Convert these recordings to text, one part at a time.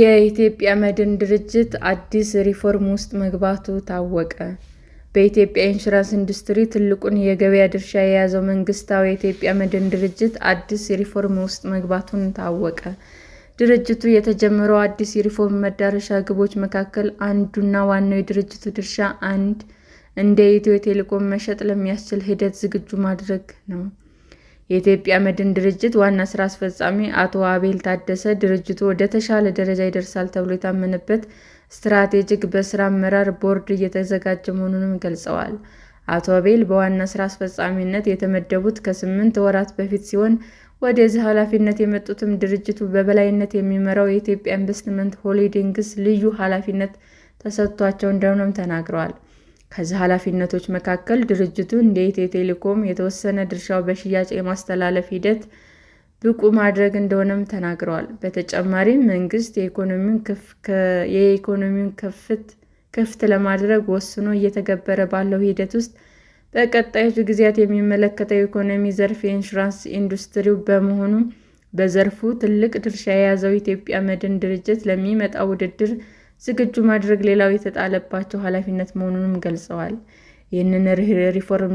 የኢትዮጵያ መድን ድርጅት አዲስ ሪፎርም ውስጥ መግባቱ ታወቀ። በኢትዮጵያ ኢንሹራንስ ኢንዱስትሪ ትልቁን የገበያ ድርሻ የያዘው መንግስታዊ የኢትዮጵያ መድን ድርጅት አዲስ ሪፎርም ውስጥ መግባቱን ታወቀ። ድርጅቱ የተጀመረው አዲስ ሪፎርም መዳረሻ ግቦች መካከል አንዱና ዋናው የድርጅቱ ድርሻ አንድ እንደ ኢትዮ ቴሌኮም መሸጥ ለሚያስችል ሂደት ዝግጁ ማድረግ ነው። የኢትዮጵያ መድን ድርጅት ዋና ስራ አስፈጻሚ አቶ አቤል ታደሰ ድርጅቱ ወደ ተሻለ ደረጃ ይደርሳል ተብሎ የታመነበት ስትራቴጂክ በስራ አመራር ቦርድ እየተዘጋጀ መሆኑንም ገልጸዋል። አቶ አቤል በዋና ስራ አስፈጻሚነት የተመደቡት ከስምንት ወራት በፊት ሲሆን ወደዚህ ኃላፊነት የመጡትም ድርጅቱ በበላይነት የሚመራው የኢትዮጵያ ኢንቨስትመንት ሆልዲንግስ ልዩ ኃላፊነት ተሰጥቷቸው እንደሆነም ተናግረዋል። ከዚህ ኃላፊነቶች መካከል ድርጅቱ እንደ ኢትዮ ቴሌኮም የተወሰነ ድርሻው በሽያጭ የማስተላለፍ ሂደት ብቁ ማድረግ እንደሆነም ተናግረዋል። በተጨማሪም መንግስት የኢኮኖሚውን ክፍት ለማድረግ ወስኖ እየተገበረ ባለው ሂደት ውስጥ በቀጣዮቹ ጊዜያት የሚመለከተው የኢኮኖሚ ዘርፍ የኢንሹራንስ ኢንዱስትሪው በመሆኑ በዘርፉ ትልቅ ድርሻ የያዘው ኢትዮጵያ መድን ድርጅት ለሚመጣው ውድድር ዝግጁ ማድረግ ሌላው የተጣለባቸው ኃላፊነት መሆኑንም ገልጸዋል። ይህንን ሪፎርም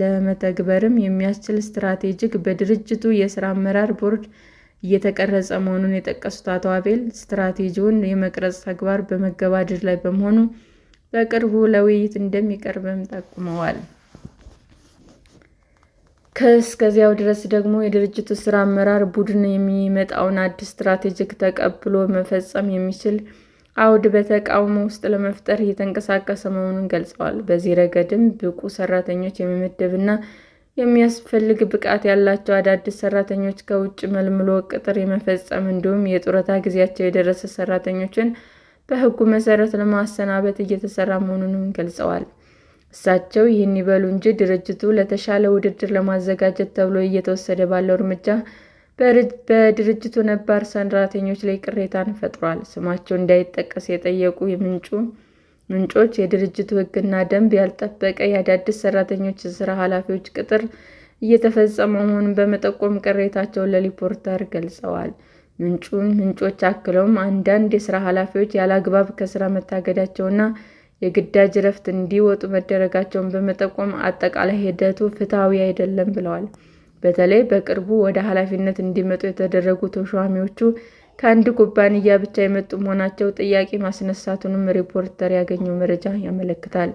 ለመተግበርም የሚያስችል ስትራቴጂክ በድርጅቱ የስራ አመራር ቦርድ እየተቀረጸ መሆኑን የጠቀሱት አቶ አቤል ስትራቴጂውን የመቅረጽ ተግባር በመገባደድ ላይ በመሆኑ በቅርቡ ለውይይት እንደሚቀርብም ጠቁመዋል። ከእስከዚያው ድረስ ደግሞ የድርጅቱ ስራ አመራር ቡድን የሚመጣውን አዲስ ስትራቴጂክ ተቀብሎ መፈጸም የሚችል አውድ በተቃውሞ ውስጥ ለመፍጠር እየተንቀሳቀሰ መሆኑን ገልጸዋል። በዚህ ረገድም ብቁ ሰራተኞች የመመደብና የሚያስፈልግ ብቃት ያላቸው አዳዲስ ሰራተኞች ከውጭ መልምሎ ቅጥር የመፈጸም እንዲሁም የጡረታ ጊዜያቸው የደረሰ ሰራተኞችን በሕጉ መሰረት ለማሰናበት እየተሰራ መሆኑንም ገልጸዋል። እሳቸው ይህን ይበሉ እንጂ ድርጅቱ ለተሻለ ውድድር ለማዘጋጀት ተብሎ እየተወሰደ ባለው እርምጃ በድርጅቱ ነባር ሰራተኞች ላይ ቅሬታን ፈጥሯል። ስማቸው እንዳይጠቀስ የጠየቁ ምንጮች የድርጅቱ ሕግና ደንብ ያልጠበቀ የአዳዲስ ሰራተኞች ስራ ኃላፊዎች ቅጥር እየተፈጸመ መሆኑን በመጠቆም ቅሬታቸውን ለሪፖርተር ገልጸዋል። ምንጩ ምንጮች አክለውም አንዳንድ የስራ ኃላፊዎች ያለ አግባብ ከስራ መታገዳቸውና የግዳጅ እረፍት እንዲወጡ መደረጋቸውን በመጠቆም አጠቃላይ ሂደቱ ፍትሐዊ አይደለም ብለዋል። በተለይ በቅርቡ ወደ ኃላፊነት እንዲመጡ የተደረጉ ተሿሚዎቹ ከአንድ ኩባንያ ብቻ የመጡ መሆናቸው ጥያቄ ማስነሳቱንም ሪፖርተር ያገኘው መረጃ ያመለክታል።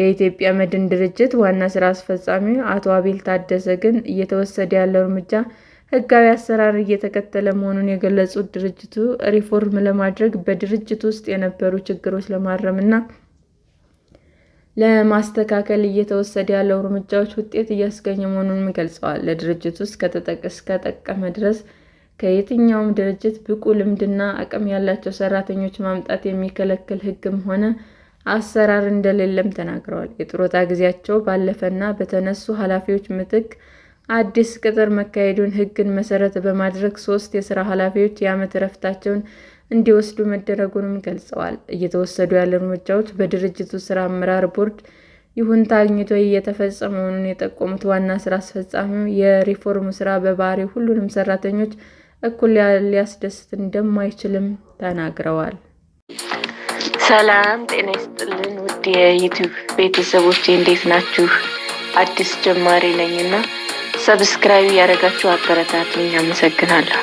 የኢትዮጵያ መድን ድርጅት ዋና ስራ አስፈጻሚ አቶ አቤል ታደሰ ግን እየተወሰደ ያለው እርምጃ ህጋዊ አሰራር እየተከተለ መሆኑን የገለጹት ድርጅቱ ሪፎርም ለማድረግ በድርጅቱ ውስጥ የነበሩ ችግሮች ለማረም እና ለማስተካከል እየተወሰደ ያለው እርምጃዎች ውጤት እያስገኘ መሆኑንም ገልጸዋል። ለድርጅቱ እስከጠቀመ ድረስ ከየትኛውም ድርጅት ብቁ ልምድና አቅም ያላቸው ሰራተኞች ማምጣት የሚከለክል ሕግም ሆነ አሰራር እንደሌለም ተናግረዋል። የጡረታ ጊዜያቸው ባለፈና በተነሱ ኃላፊዎች ምትክ አዲስ ቅጥር መካሄዱን ሕግን መሰረት በማድረግ ሶስት የስራ ኃላፊዎች የዓመት እረፍታቸውን እንዲወስዱ መደረጉንም ገልጸዋል። እየተወሰዱ ያለ እርምጃዎች በድርጅቱ ስራ አመራር ቦርድ ይሁንታ አግኝቶ እየተፈጸመ መሆኑን የጠቆሙት ዋና ስራ አስፈጻሚው የሪፎርም ስራ በባህሪ ሁሉንም ሰራተኞች እኩል ሊያስደስት እንደማይችልም ተናግረዋል። ሰላም ጤና ይስጥልን ውድ የዩቲዩብ ቤተሰቦች እንዴት ናችሁ? አዲስ ጀማሪ ነኝና ሰብስክራይብ ያደረጋችሁ አበረታቱኝ። አመሰግናለሁ።